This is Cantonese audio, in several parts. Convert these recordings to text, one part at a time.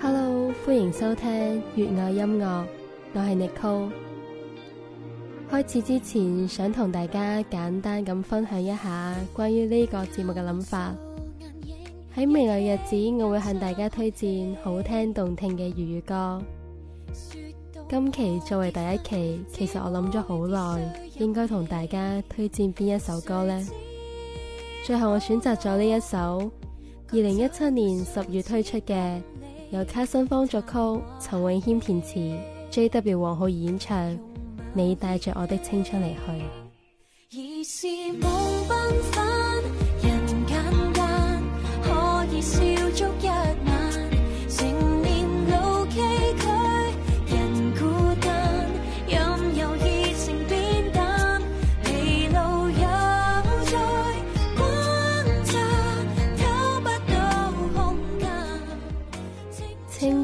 Hello，歡迎收聽粵愛音樂，我係 Nichole。開始之前，想同大家簡單咁分享一下關於呢個節目嘅諗法。喺未來日子，我會向大家推薦好聽動聽嘅粵語歌。今期作為第一期，其實我諗咗好耐，應該同大家推薦邊一首歌呢？最後我選擇咗呢一首二零一七年十月推出嘅，由 Cousin Fung 作曲、陳詠謙填詞、J.W. 王灝兒演唱《你帶着我的青春離去》。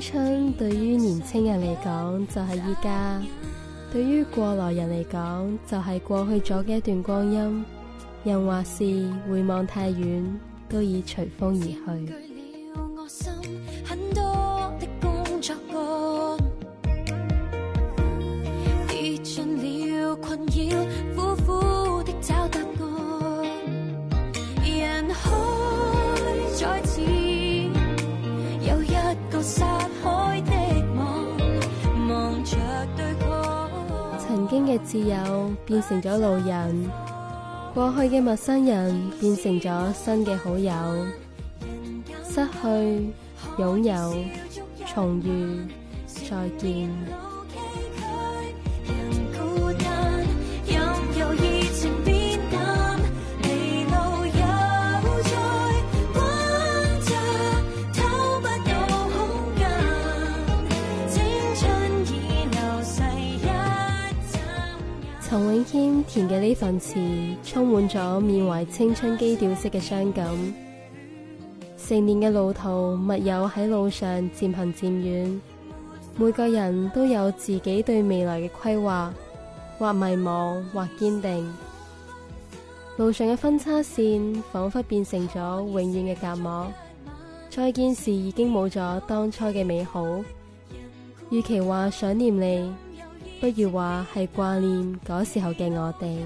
春對於年青人嚟講就係依家，對於過來人嚟講就係過去咗嘅一段光陰。人或事回望太遠，都已隨風而去。曾經嘅摯友變成咗路人，過去嘅陌生人變成咗新嘅好友，失去擁有，重遇再見。陳詠謙填嘅呢份詞充滿咗緬懷青春基調式嘅傷感，成年嘅路途，密友喺路上漸行漸遠，每個人都有自己對未來嘅規劃，或迷茫，或堅定。路上嘅分叉線仿佛變成咗永遠嘅隔膜，再見時已經冇咗當初嘅美好。與其話想念你，不如話係掛念嗰時候嘅我哋。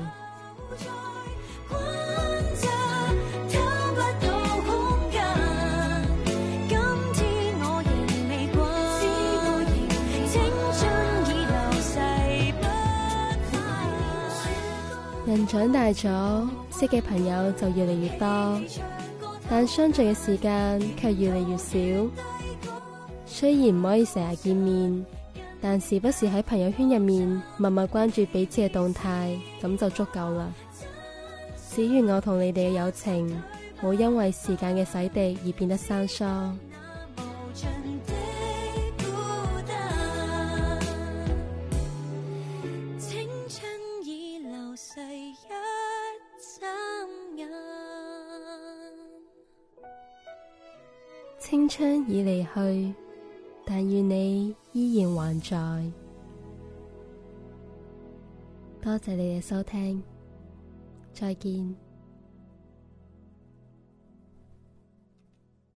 人長大咗，識嘅朋友就越嚟越多，但相聚嘅時間卻越嚟越少。雖然唔可以成日見面。但時不時喺朋友圈入面默默關注彼此嘅動態，咁就足夠啦。只願我同你哋嘅友情，冇因為時間嘅洗滌而變得生疏。 青春已流逝一眨眼，青春已離去。但願你依然還在，多謝你嘅收聽，再見。